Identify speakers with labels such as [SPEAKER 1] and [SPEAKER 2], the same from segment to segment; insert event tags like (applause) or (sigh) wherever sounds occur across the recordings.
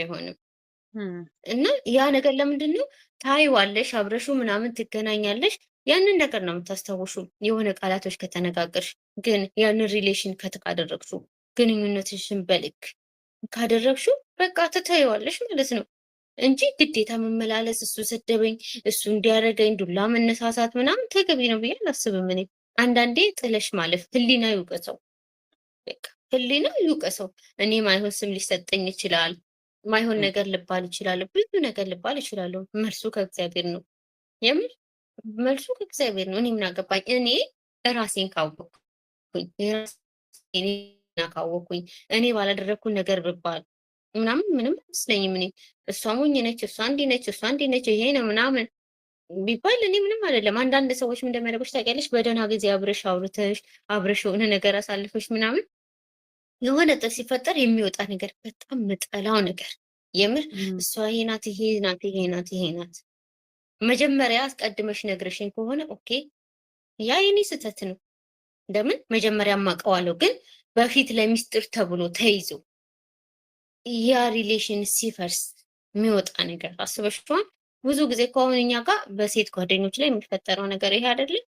[SPEAKER 1] አይሆንም እና ያ ነገር ለምንድን ነው ታይዋለሽ፣ አብረሹ ምናምን ትገናኛለሽ። ያንን ነገር ነው የምታስታውሹ የሆነ ቃላቶች ከተነጋገርሽ፣ ግን ያንን ሪሌሽን ከተቃደረግሹ ግንኙነትሽን በልክ ካደረግሹ በቃ ትታይዋለሽ ማለት ነው እንጂ ግዴታ መመላለስ፣ እሱ ሰደበኝ፣ እሱ እንዲያደረገኝ፣ ዱላ መነሳሳት ምናምን ተገቢ ነው ብዬ አላስብም። እኔ አንዳንዴ ጥለሽ ማለፍ ህሊና ይውቀሰው፣ ህሊና ይውቀሰው። እኔ ማይሆን ስም ሊሰጠኝ ይችላል ማይሆን ነገር ልባል ይችላል፣ ብዙ ነገር ልባል ይችላለሁ። መልሱ ከእግዚአብሔር ነው። የምር መልሱ ከእግዚአብሔር ነው። እኔ ምን አገባኝ? እኔ ራሴን ካወቅኩኝ ካወቅኩኝ እኔ ባላደረግኩን ነገር ብባል ምናምን ምንም አይመስለኝም። እኔ እሷ ሞኝ ነች፣ እሷ እንዲህ ነች፣ እሷ እንዲህ ነች፣ ይሄ ነው ምናምን ቢባል እኔ ምንም አይደለም። አንዳንድ ሰዎች ምን እንደሚያደርጉሽ ታውቂያለሽ? በደህና ጊዜ አብረሽ አውርተሽ አብረሽ የሆነ ነገር አሳልፈሽ ምናምን የሆነ ጥር ሲፈጠር የሚወጣ ነገር በጣም ምጠላው ነገር የምር እሷ ይሄ ናት ይሄ ናት ይሄ ናት ይሄ ናት። መጀመሪያ አስቀድመሽ ነግረሽኝ ከሆነ ኦኬ፣ ያ የኔ ስህተት ነው። እንደምን መጀመሪያ ማቀዋለው። ግን በፊት ለሚስጥር ተብሎ ተይዞ ያ ሪሌሽን ሲፈርስ የሚወጣ ነገር አስበሽዋል። ብዙ ጊዜ ከሆነ እኛ ጋር በሴት ጓደኞች ላይ የሚፈጠረው ነገር ይሄ አይደለም።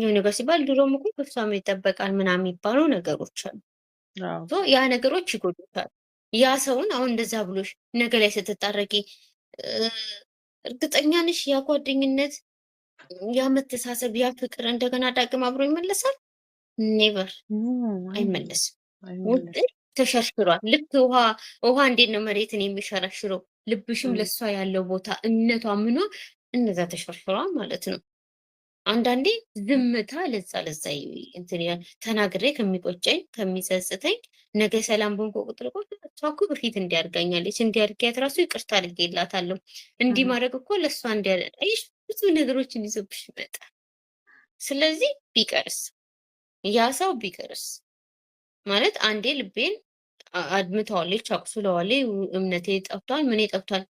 [SPEAKER 1] ይሁን ነገር ሲባል ድሮም እኮ ከሷ ይጠበቃል ምናምን የሚባሉ ነገሮች አሉ። ያ ነገሮች ይጎዱታል። ያ ሰውን አሁን እንደዛ ብሎሽ ነገ ላይ ስትጣረቂ እ፣ እርግጠኛ ነሽ ያ ጓደኝነት፣ ያ መተሳሰብ፣ ያ ፍቅር እንደገና ዳግም አብሮ ይመለሳል? ኔቨር አይመለስም። ውጥ ተሸርሽሯል። ልክ ውሃ ውሃ እንዴት ነው መሬትን የሚሸረሽረው? ልብሽም ለእሷ ያለው ቦታ እምነቷ ምኗ እነዛ ተሸርሽሯል ማለት ነው። አንዳንዴ ዝምታ ለዛ ለዛ እንትን ተናግሬ ከሚቆጨኝ ከሚጸጽተኝ ነገ ሰላም በሆንኩ ቁጥር እሷ እኮ በፊት እንዲያርጋኛለች እንዲያርጊያት ራሱ ይቅርታ አድርጌላታለሁ። እንዲህ ማድረግ እኮ ለእሷ እንዲያደርሽ ብዙ ነገሮችን ይዞብሽ ይመጣል። ስለዚህ ቢቀርስ ያ ሰው ቢቀርስ ማለት አንዴ ልቤን አድምተዋለች፣ አቁስለዋለች፣ እምነቴ ጠፍቷል፣ ምን ጠፍቷል።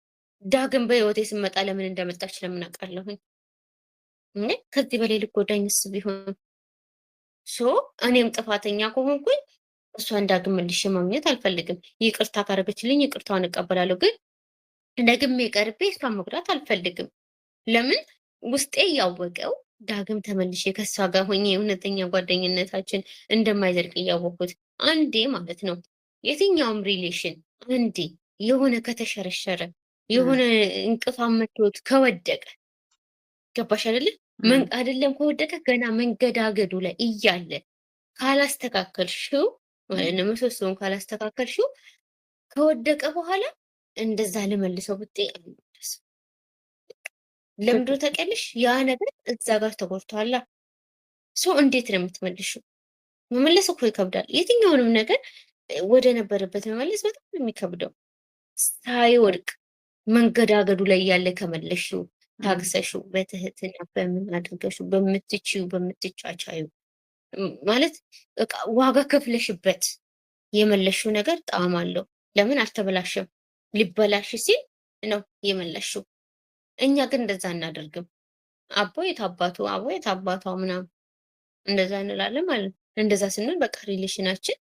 [SPEAKER 1] ዳግም በህይወቴ ስመጣ ለምን እንደመጣች ለምን አውቃለሁኝ? ከዚህ በላይ ልጎዳኝስ ቢሆን ሶ እኔም ጥፋተኛ ከሆንኩኝ እሷን ዳግም መልሼ ማግኘት አልፈልግም። ይቅርታ ካረገችልኝ ይቅርታዋን እቀበላለሁ፣ ግን ደግሜ ቀርቤ እሷ መጉዳት አልፈልግም። ለምን ውስጤ እያወቀው ዳግም ተመልሼ ከእሷ ጋር ሆኜ እውነተኛ ጓደኝነታችን እንደማይዘልቅ እያወቅኩት አንዴ ማለት ነው የትኛውም ሪሌሽን አንዴ የሆነ ከተሸረሸረ የሆነ እንቅፋ መቶት ከወደቀ ገባሽ አይደለ አይደለም ከወደቀ ገና መንገዳገዱ ላይ እያለ ካላስተካከልሽው ማለት ነው፣ ምሰሶውን ካላስተካከልሽው ከወደቀ በኋላ እንደዛ ልመልሰው ብትይ አልመለስም። ለምዶ ተቀልሽ ያ ነገር እዛ ጋር ተጎድቷላ። ሰው እንዴት ነው የምትመልሽው? መመለስ እኮ ይከብዳል። የትኛውንም ነገር ወደ ነበረበት መመለስ በጣም የሚከብደው ሳይወድቅ መንገዳገዱ ላይ እያለ ከመለሽው ታግሰሹ በትህትና በምን አድርገሹ በምትችዩ በምትቻቻዩ ማለት ዋጋ ከፍለሽበት የመለሽው ነገር ጣዕም አለው። ለምን አልተበላሸም? ሊበላሽ ሲል ነው የመለሽው። እኛ ግን እንደዛ እናደርግም። አቦ የታባቱ አቦ የታባቷ ምናምን እንደዛ እንላለን ማለት ነው። እንደዛ ስንል በቃ ሪሌሽናችን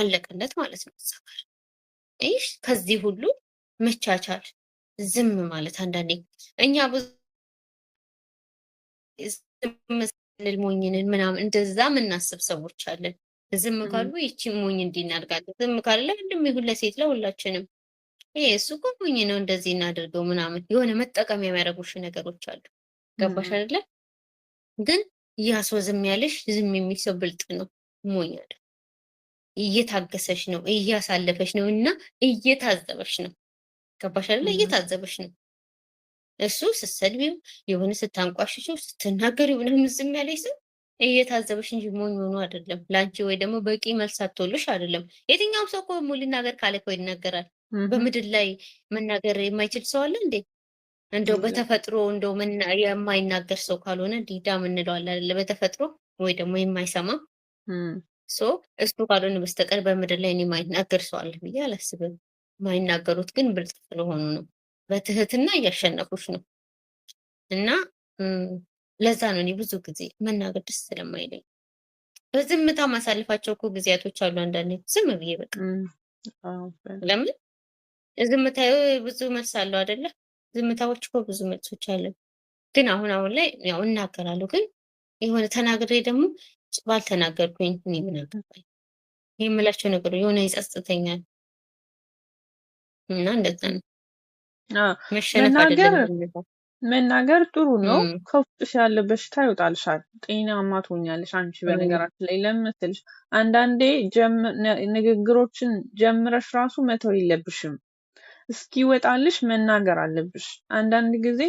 [SPEAKER 1] አለቀለት ማለት ነው። ይህ ከዚህ ሁሉ መቻቻል ዝም ማለት አንዳንዴ እኛ ብዙ ስንል ሞኝንን ምናምን እንደዛ የምናስብ ሰዎች አለን። ዝም ካሉ ይቺ ሞኝ እንዲናድጋለን ዝም ካለ ወንድም ይሁን ለሴት ለሁላችንም ይሄ እሱ እኮ ሞኝ ነው እንደዚህ እናደርገው ምናምን የሆነ መጠቀም የሚያደርጉሽ ነገሮች አሉ። ገባሽ አይደለ? ግን ያ ሰው ዝም ያለሽ ዝም የሚሰው ብልጥ ነው፣ ሞኝ አይደል? እየታገሰሽ ነው፣ እያሳለፈሽ ነው እና እየታዘበሽ ነው። ገባሽ ላይ እየታዘበሽ ነው እሱ ስትሰድቢው የሆነ ስታንቋሽሽው ስትናገር የሆነ ምዝም ያለሽ ሰው እየታዘበሽ እንጂ ሞኝ ሆኖ አይደለም። ለአንቺ ወይ ደግሞ በቂ መልስ አትወሉሽ አይደለም። የትኛውም ሰው እኮ ሊናገር ካለ እኮ ይናገራል። በምድር ላይ መናገር የማይችል ሰው አለ እንዴ? እንደው በተፈጥሮ እንደው የማይናገር ሰው ካልሆነ ዲዳ ምንለዋል አይደለ? በተፈጥሮ ወይ ደግሞ የማይሰማ እሱ ካልሆነ በስተቀር በምድር ላይ እኔ የማይናገር ሰው አለ ብዬ አላስብም። የማይናገሩት ግን ብልጥ ስለሆኑ ነው። በትህትና እያሸነፉች ነው እና ለዛ ነው እኔ ብዙ ጊዜ መናገር ደስ ስለማይለኝ በዝምታ ማሳልፋቸው እኮ ጊዜያቶች አሉ። አንዳንዴ ዝም ብዬ በቃ ለምን ዝምታ ብዙ መልስ አለው አይደለ? ዝምታዎች እኮ ብዙ መልሶች አለ። ግን አሁን አሁን ላይ ያው እናገራለሁ። ግን የሆነ ተናግሬ ደግሞ ባልተናገርኩኝ እኔ ምን አገባኝ የምላቸው የሆነ ይጸጽተኛል። እና እንደዛ ነው መሸነፍ
[SPEAKER 2] መናገር ጥሩ ነው። ከውስጥሽ ያለ በሽታ ይወጣልሻል፣ ጤናማ ትሆኛለሽ። አንቺ በነገራችን ላይ ለምትልሽ አንዳንዴ ንግግሮችን ጀምረሽ ራሱ መተው የለብሽም። እስኪወጣልሽ መናገር አለብሽ። አንዳንድ ጊዜ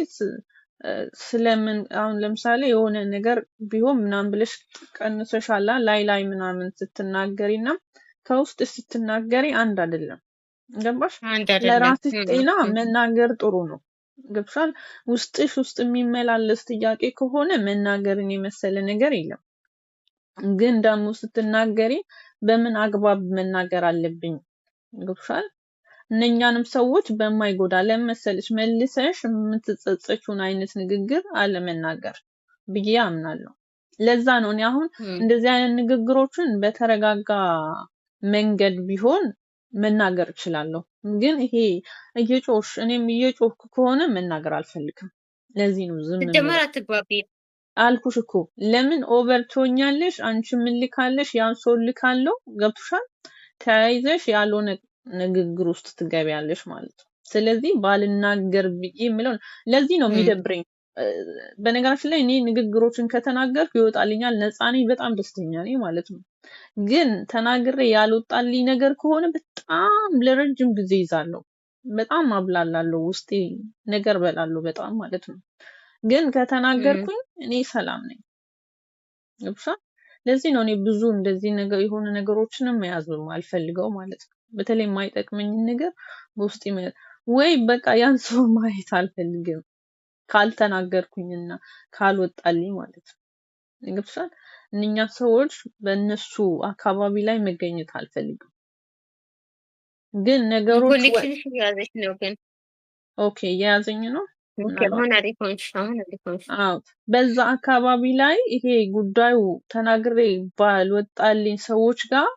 [SPEAKER 2] ስለምን አሁን ለምሳሌ የሆነ ነገር ቢሆን ምናምን ብለሽ ቀንሰሻላ ላይ ላይ ምናምን ስትናገሪ እና ከውስጥ ስትናገሪ አንድ አይደለም። ገባሽ? ለራስሽ ጤና መናገር ጥሩ ነው። ገብሻል? ውስጥሽ ውስጥ የሚመላለስ ጥያቄ ከሆነ መናገርን የመሰለ ነገር የለም። ግን ደግሞ ስትናገሪ በምን አግባብ መናገር አለብኝ? ገብሻል? እነኛንም ሰዎች በማይጎዳ ለመሰለሽ መልሰሽ የምትጸጸችውን አይነት ንግግር አለመናገር ብዬ አምናለሁ። ለዛ ነው እኔ አሁን እንደዚህ አይነት ንግግሮችን በተረጋጋ መንገድ ቢሆን መናገር እችላለሁ። ግን ይሄ እየጮሽ እኔም እየጮክ ከሆነ መናገር አልፈልግም። ለዚህ ነው ዝም
[SPEAKER 1] ጀመር። አትግባቢ
[SPEAKER 2] አልኩሽ እኮ ለምን ኦቨር ትሆኛለሽ? አንቺ ምን ልካለሽ? ያን ሰው ልካለው። ገብቶሻል? ተያይዘሽ ያልሆነ ንግግር ውስጥ ትገቢያለሽ ማለት ነው። ስለዚህ ባልናገር ብዬ የምለው ለዚህ ነው የሚደብረኝ። በነገራችን ላይ እኔ ንግግሮችን ከተናገርኩ ይወጣልኛል፣ ነፃ ነኝ፣ በጣም ደስተኛ ነኝ ማለት ነው። ግን ተናግሬ ያልወጣልኝ ነገር ከሆነ በጣም ለረጅም ጊዜ ይዛለሁ። በጣም አብላላለሁ፣ ውስጤ ነገር በላለሁ በጣም ማለት ነው። ግን ከተናገርኩኝ እኔ ሰላም ነኝ። ብሳ ለዚህ ነው እኔ ብዙ እንደዚህ ነገር የሆነ ነገሮችንም መያዝ አልፈልገው ማለት ነው። በተለይ የማይጠቅመኝን ነገር በውስጥ ወይ በቃ ያን ሰው (laughs) ማየት አልፈልግም ካልተናገርኩኝና ካልወጣልኝ ማለት ነው። ግብሳል እነኛ ሰዎች በእነሱ አካባቢ ላይ መገኘት አልፈልግም። ግን ነገሮች
[SPEAKER 1] ኮኔክሽንሽ ነው። ግን
[SPEAKER 2] ኦኬ እየያዘኝ ነው። በዛ አካባቢ ላይ ይሄ ጉዳዩ ተናግሬ ባልወጣልኝ ሰዎች ጋር